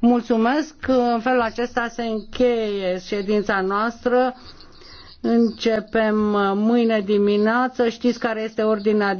Mulțumesc că în felul acesta se încheie ședința noastră. Începem mâine dimineață. Știți care este ordinea